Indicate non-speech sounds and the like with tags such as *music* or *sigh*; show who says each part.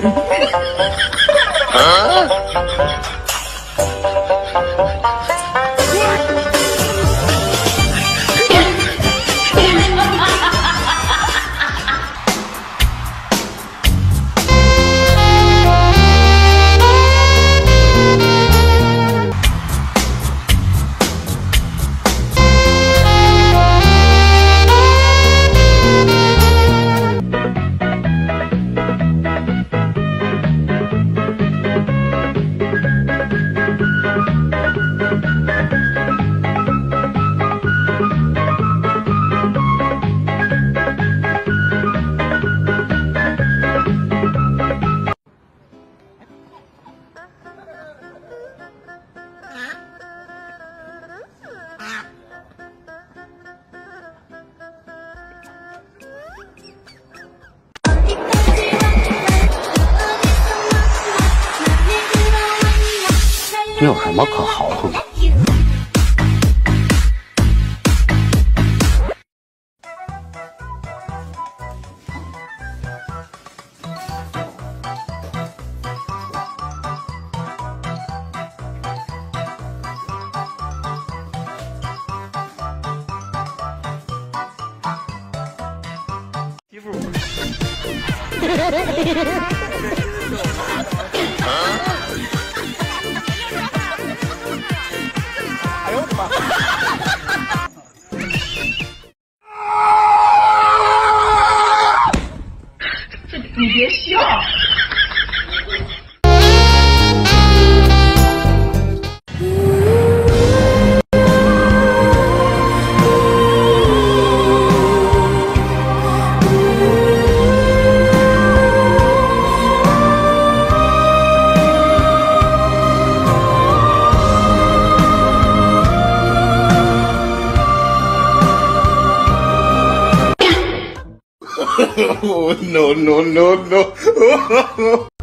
Speaker 1: 哈哈 *laughs*
Speaker 2: 没有什么可豪横的？衣服。
Speaker 3: *laughs* no, no, no, no. *laughs*